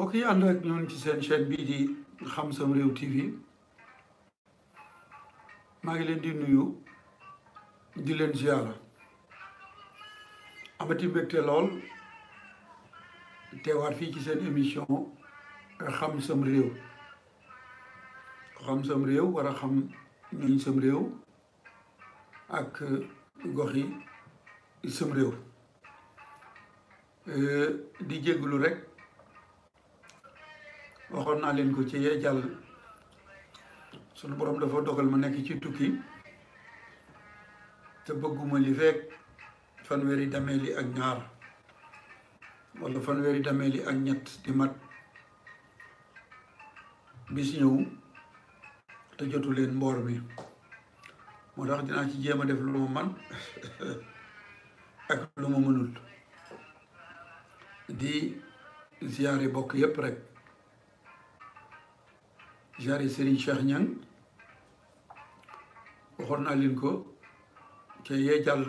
mbokk yi ànd ak ñoon ci seen chaîne bii di xam sam réew TV maa ngi leen di nuyu di leen ziara amati mbégte lool teewaat fii ci seen émission xam sam réew xam sam réew war a xam ñooñ sam réew ak gox yi sam réew eh, di jégglu rek waxon na len ko ci yee sunu borom dafa dogal ma nek ci tukki te bëgguma li fekk fanweeri dameel li ak ñaar wala fanweeri dameel li ak ñett di mat bis ñew te jotu leen mbor bi mo tax dina ci jema def lu man ak lu mënul di ziaré bokk yépp rek jaare Serigne Cheikh Niang waxoon naa leen ko te yee jàll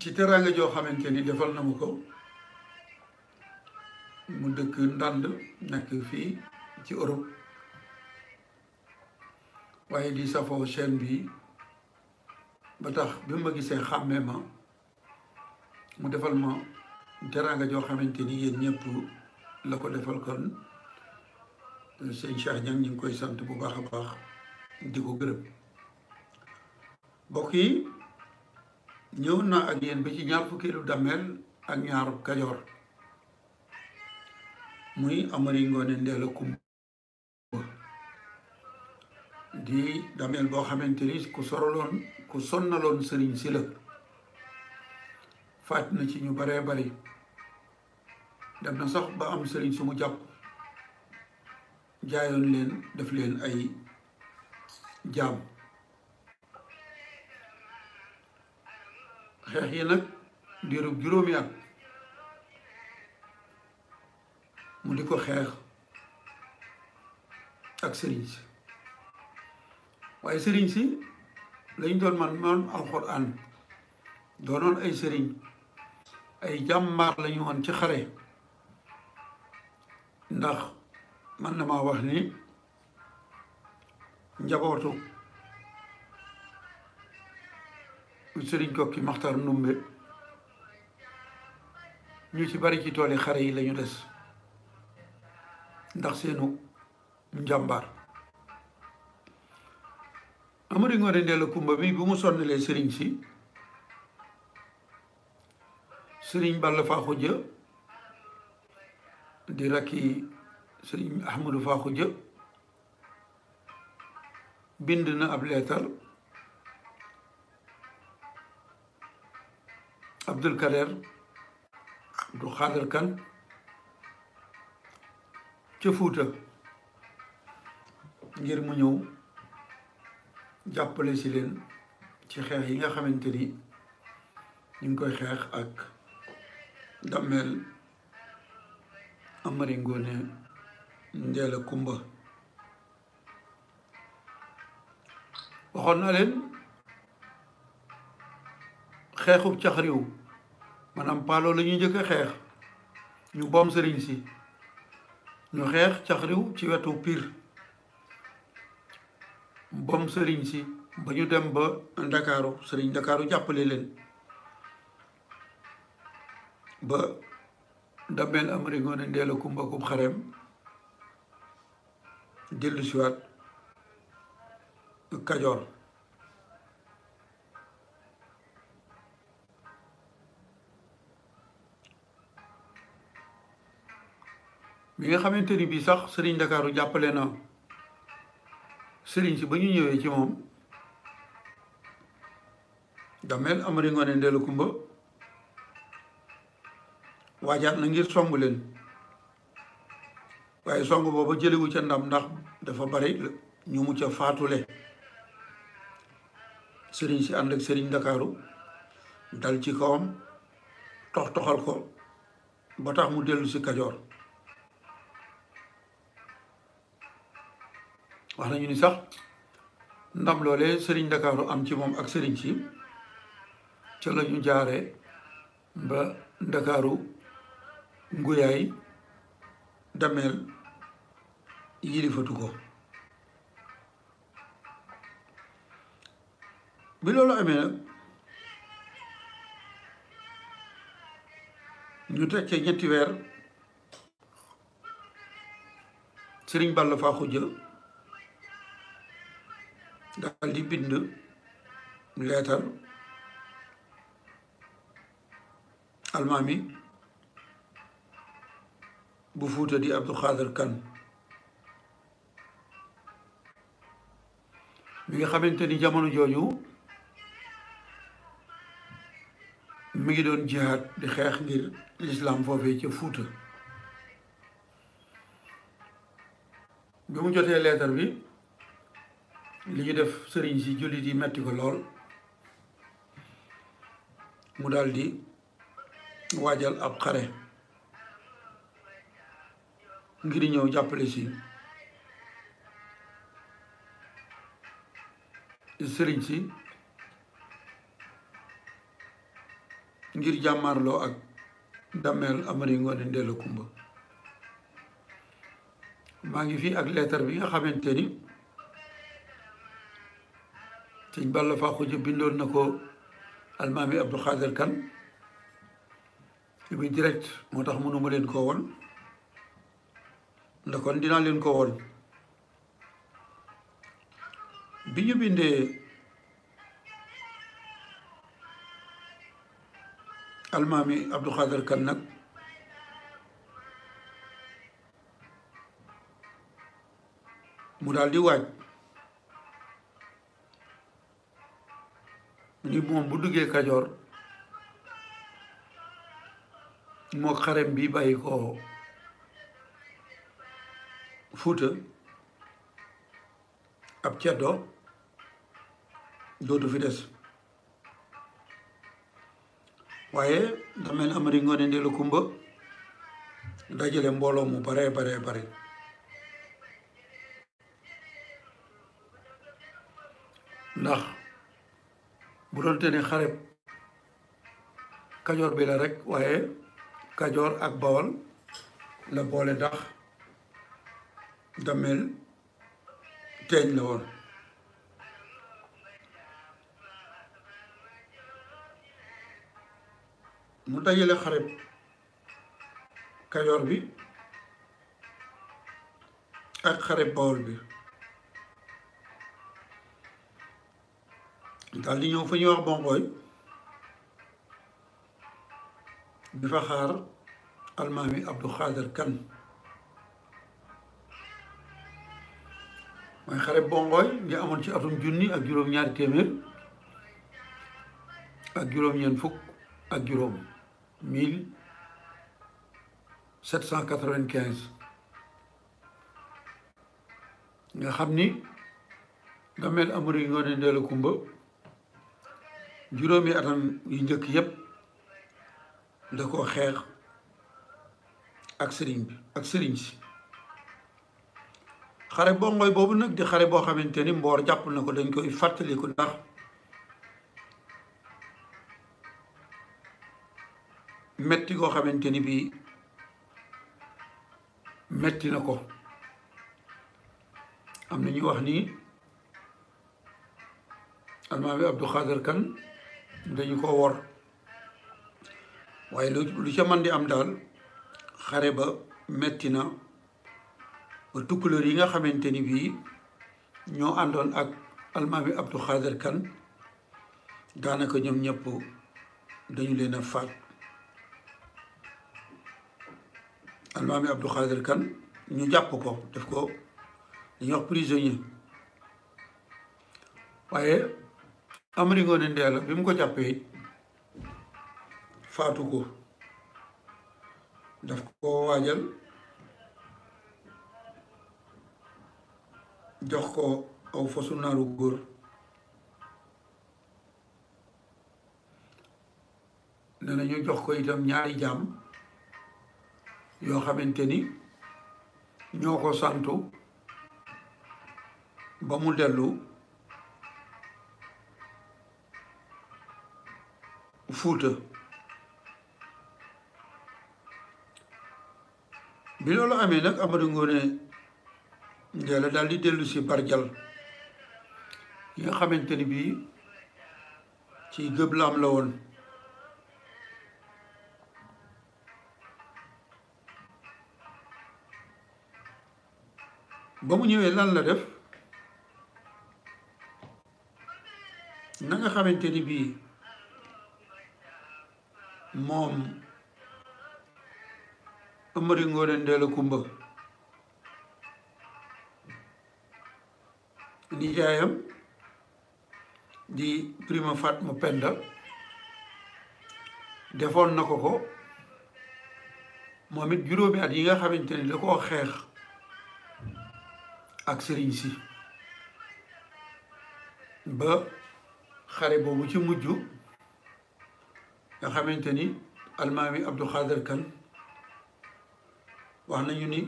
ci teraanga joo xamante ni defal na ma ko mu dëkk ndànd nekk fii ci Europe waaye di safoo chaîne bi ba tax bi ma gisee xàmmee ma mu defal ma teraanga joo xamante ni yéen ñëpp la ko defal kon sëñ Cheikh ñang ñing koy sant bu baaxa a baax di ko gërëm bokki ñew na ak yeen ba ci ñaar lu damel ak ñaar kajoor muy Amari ngone Ndeela Kumba di damel bo xamanteni ku soroloon ku sonnaloon serigne si la na ci ñu bare bari dem na sax ba am serigne sumu japp jaayoon leen def leen ay jaam xeex yi nag diirub juróomi at mu di ko xeex ak sëriñ si waaye sëriñ si lañ doon man moon alxuraan doonoon ay sëriñ ay jàmbaar lañu woon ci xare ndax man na maa wax ni njabootu sëriñ Kokki Maxtar Ndumbe ñu ci bari ci tooli xare yi lañu des ndax seenu njàmbaar Amari Ngoone Ndeela Kumba bi bu mu sonnalee sëriñ si sëriñ Balla Faaxu Jë di rakki sëriñ Ahmadou Fakko Dia bind na ab leetar Abdul Kader du Xaadar Kan ca Fuuta ngir mu ñëw jàppale si leen ci xeex yi nga xamante ni ñu ngi koy xeex ak Damel Amari Ndeela Kumba waxoon na leen xeexub cax riw maanaam paaloo la njëkk a xeex ñu boom sëriñ si ñu xeex cax ci wetu piir boom sëriñ si ba ñu dem ba ndakaaru sëriñ ndakaaru jàppale leen ba am Amari Ngoone Ndeela Kumba kub xareem dellu siwaat kajoor bi nga xamante ni bii sax sëriñ ndakaaru jàppale na sëriñ si ba ñu ñëwee ci moom dameel amari ngoone ndeelu kumba waajaat na ngir somb leen waaye song booba jëliwu ca ndam ndax dafa bari ñu mu ca faatule sëriñ si ànd ak sëriñ ndakaaru dal ci kawam tox toxal ko boo tax mu dellu si kajoor wax nañu ni sax ndam loole sëriñ ndakaaru am ci moom ak sëriñ ci ca la ñu jaare ba ndakaaru nguyaay dameel yilifatu ko bi amee nag ñu teg ci weer sëriñ Balla faa xujja daal di bind leetar almaami bu fuuta di Abdou Khader Kane mi nga xamante ni jamono jooju mu ngi doon jihaad di xeex ngir lislaam foofee ca fuuta bi mu jotee leetar bi li ñu def sëriñ si jullit yi metti ko lool mu daldi waajal ab xare ngir ñëw jàppale ci sëriñ ci ngir jamarlo ak damel Amari ngone Ndeela Kumba ma ngi fi ak lettre bi nga xamanteni ni Balla Fakkuja bindoon bindon nako almaami Abdou Khader Kan ci bi direct motax tax ma len ko won la dina leen ko woon bi ñu bindee almaami Abdou Khader Kan nag mu daal di waaj ni moom bu duggee Kajoor moo xarem bi bàyyi ko Fuuta ab ceddoo dootu fi des waaye da mel Amari Ngoone Ndeela Kumba dajale mbooloo mu baree baree bare ndax bu doon ne xareb kajoor bi rek waaye kajoor ak bawal la boole ndax dameel teeñ la woon mu dajale xareb kajoor bi ak xareb bawol bi daal di ñëw fa ñuy wax bongoy di fa xaar almaami Abdou Khader Kane mooy xare bongooy ngi amoon ci atum junni ak juróom ñaari téeméer ak juróom ñeent fukk ak juróom mil sept cent quatre-vingt-quinze nga xam ni Damel Amari Ngoone Ndeela Kumba juróomi atam yu njëkk yépp da ko xeex ak sëriñ bi ak sëriñ si xare boo ngoy boobu nag di xare boo xamante ni mboor jàpp na ko dañ koy fàttaliku ndax metti koo xamante ni bii metti na ko am na ñu wax ni almaam bi Abdou Khader Kan dañu ko wor waaye lu lu ca man di am daal xare ba metti na ba tukkuleer yi nga xamante ni bii ñoo àndoon ak almaami Abdou Khader kan daanaka ñoom ñëpp dañu leen a faat almaami Abdou Khader kan ñu jàpp ko def ko dañuy wax prisonnier waaye Amari Ngoone Ndeela bi mu ko jàppee faatu ko daf ko waajal jox ko aw fasu naaru góor ne nañu jox ko itam ñaari jaam yoo xamante ni ñoo ko santu ba mu dellu fuuta bi loolu amee nag Amadou Ngoné ndeela daal di dellu si barjal yi nga xamante ni bii ci gëblaam la woon ba mu ñëwee lan la def nanga nga ni bii moom ngoo Ngoone Ndeela Kumba nijaayam di Prima mu Penda defoon na ko ko moom it juróomi at yi nga xamante ni da koo xeex ak sëriñ si ba xare boobu ci mujj nga xamante ni almaami Abdou Khader Kan wax nañu ni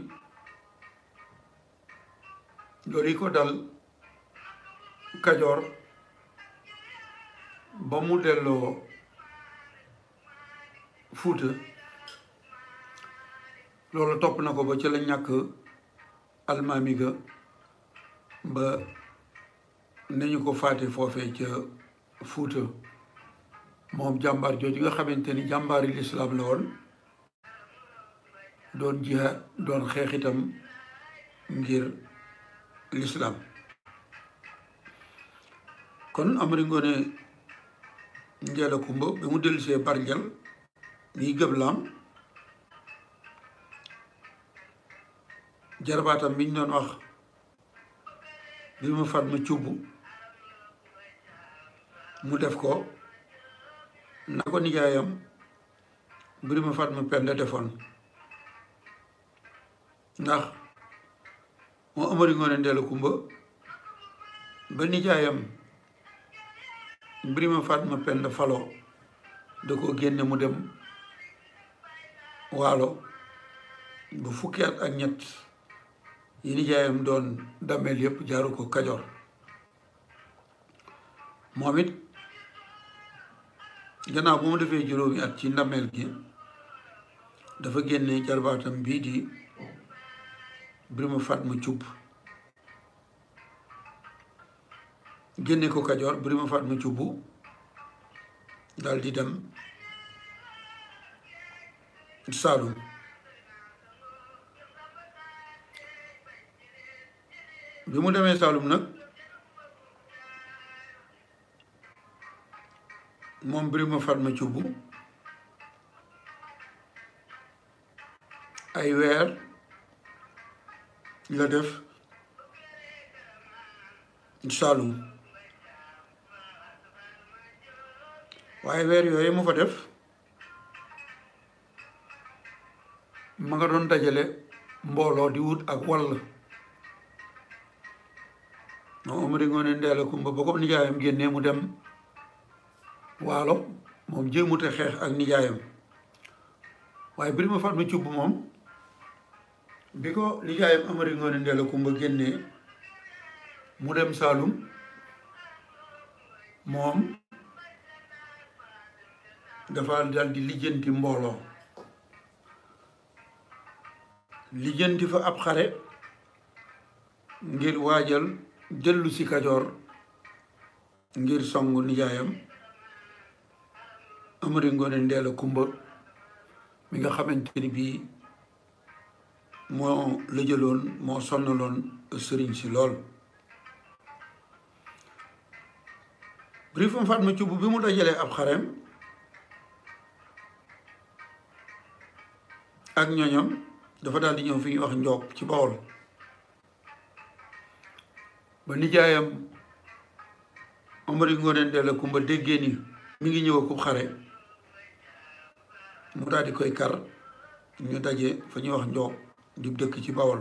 loolu ko dal kajoor ba mu delo foot lolu top nako ba ci la ñak almami ga ba ni ko faté foofee ci foot moom jambar joji nga xamanteni jambar l'islam la won don jihad don ngir l'islam kon Amari Ngoone Njaay Kumba bi mu dellusee barjal ñuy gëblaam jarbaatam bi doon wax bi mu fat ma cubb mu def ko na ko nijaayam Birima mu Penda defoon ndax moo Amari Ngoone Ndeela Kumba ba nijaayam Birima Fatma Penda Falo da ko génne mu dem walo bu fukki ak ñet yi ni jaayam doon damel yépp jaaru ko Kajoor moom it bu mu defee juróomi at ci ndamel gi dafa génne jarbatam bi di Birima Fatma Cubb génne ko kajoor Birima Fatma Thioub daal di dem Saalum bi mu demee Saalum nag moom Birima Fatma Thioub ay weer la def Saalum waaye weer yooyu mu fa def ma nga doon dajale mbooloo di wut ak wall moom Amari Ngoone Ndeela Kumba ba ko nijaayam génnee mu dem waalo moom jëmute xeex ak nijaayam waaye Birima mu Cubb moom bi ko nijaayam Amari Ngoone Ndeela Kumba génnee mu dem Saalum moom dafa dal di lijeenti mbolo lijeenti fa ab xare ngir wajal dellu ci kador ngir songu nijaayam Amari ngone ndela Kumba mi nga xamante mo bii moo mo sonnalon sonnaloon ci si lool Brifam Fatma Cubb bi mu dajale ab xarem ak ñooñam dafa daal di ñëw fi ñuy wax njoog ci Bawol ba nijaayam Amari Ngoone Ndeela Kumba déggee ni mi ngi ñëw ku xare mu daal di koy kar ñu daje fa ñuy wax njoog di dëkk ci Bawol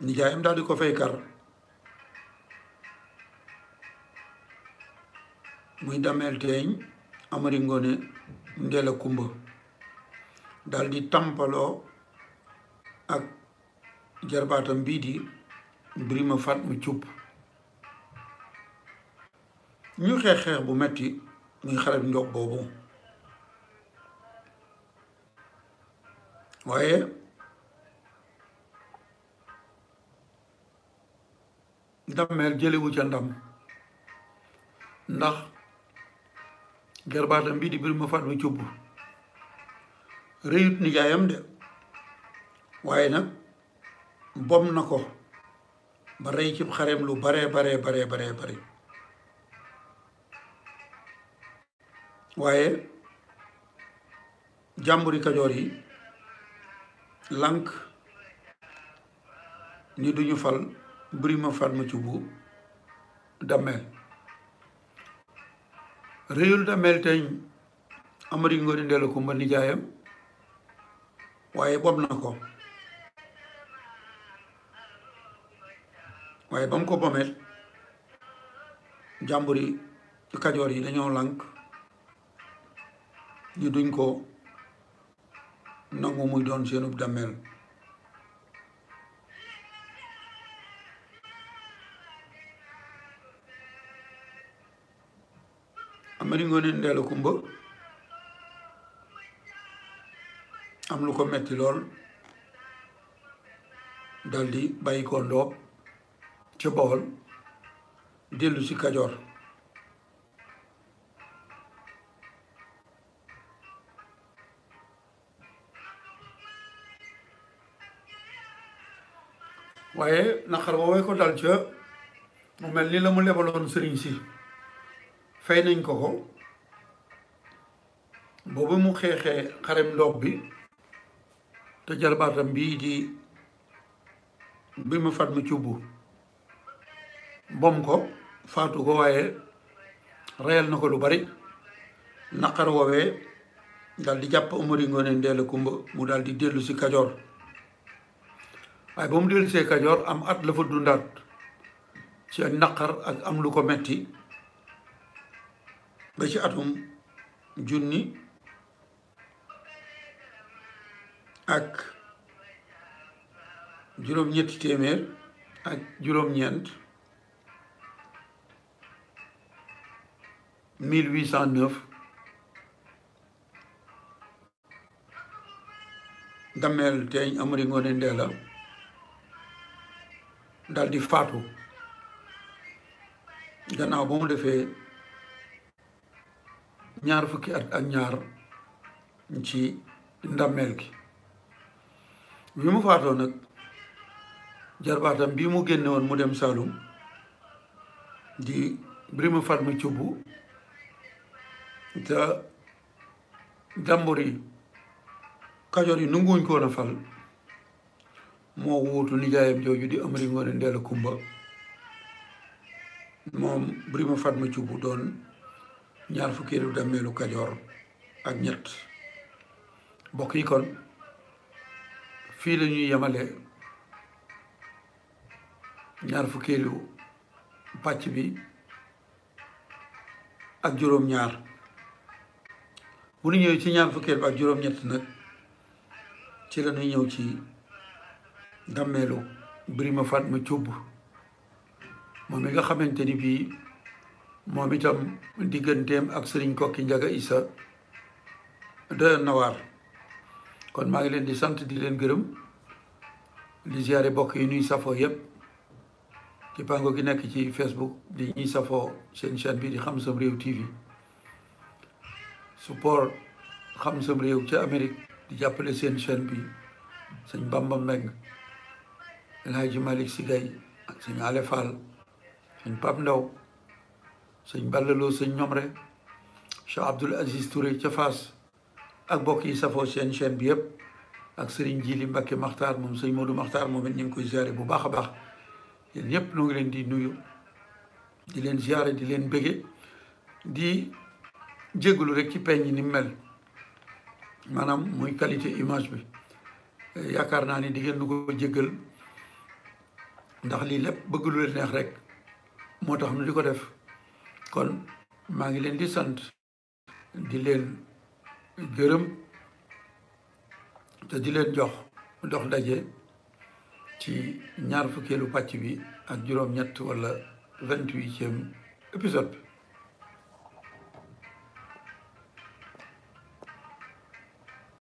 nijaayam daal di ko fay kar muy dameel teeñ amari ngoone ndela kumba daldi di tampaloo ak jarbaatam bii di birima fat mu cuub ñu xeex xeex bu metti muy xarab njoog boobu waaye dameel jëlewu ca ndam ndax jarbaatam bi di Birima Fatma Jóob réyut nijaayam de waaye nag bom na ko ba rey ci xareem lu bare bare bare bare bare waaye jàmburi kajoor yi lank ni duñu fal Birima Fatma ciubu damel résultat melteñ amari ngori ndeela kumba nijaayam waaye bob na ko waaye ba ko bomeel jàmbur yi kajoor yi dañoo lànk ñu duñ ko nangu muy doon seenub dammeel Amari Ngoone Ndeela Kumba am lu ko metti lool daldi bàyyi ko ndoob ca Bawol dellu si Kajoor waaye naqar woowee ko dal ca mu mel ni la mu lebaloon sëriñ si fay nañ ko ko boobu mu xeexee xarem ndoob bi te jarbaatam bii di bi mu fat mu cubb bom ko faatu ko waaye reyal na ko lu bari naqar woowee dal di jàpp Amari Ngoone Ndeela Kumba mu dal di dellu si Kajoor waaye ba mu dellu see Kajoor am at la fa dundaat ci naqar ak am lu ko metti ba ci atum junni ak juróom-ñetti téeméer ak juróom-ñeent 1809 Dameel Teeñ Amari Ngoone dal di faatu gannaaw ba defee ñaar fukki at ak ñaar ci ndàmmeel gi bi mu faatoo nag jarbaatam bii mu génne woon mu dem Saalum di mu Fatma mu te jàmbur yi Kajoor yi nanguwuñ ko woon a fal moo wuutu nijaayam jooju di Amari Ngoone Ndeela Kumba moom Birima Fatma Thioub doon ñaar fukkeelu dammeelu kajoor ak ñett mbokk yi kon fii lañuy ñuy yemale ñaar fukkeelu pàcc bi ak juróom-ñaar bu ñëwee ci ñaar fukkeel bi ak juróom-ñett nag ci la ñuy ñëw ci dammeelu Birima Fatma Thioub moom mi nga xamante ni bii moom itam digganteem ak sëriñ kokki njaga isa doyoon na waar kon maa ngi leen di sant di leen gërëm di ziare bokk yi nuy safoo yépp ci pango gi nekk ci facebook di ñuy safoo seen chaîne bi di xam sam réew tv support xam sam réew ci amérique di jàppale seen chaîne bi sëñ bamba meng El Hadji Malick Sy Gaye ak sëñ ale fall sëñ pap ndaw sëñ ballaloo sëñ ñomre Cheikh Abdoul Aziz Touré ca Fass ak bokk yi safoo seen chaîne bi yëpp ak sëriñ Jili Mbacke maxtar moom sëñ Modou maxtar moom it ñu ngi koy ziare bu baax a baax yéen ñëpp noo ngi leen di nuyu di leen ziare di leen bége di jégalu rek ci peñ ni mel maanaam muy qualité image bi yaakaar naa ni di ngeen nu ko jéggal ndax lii lépp bëgg lu leen neex rek moo tax nu di ko def kon maa ngi leen di sant di leen gërëm te di leen jox dox daje ci ñaar fukkeelu pàcc bi ak juróom-ñett wala vingt-huitième épisode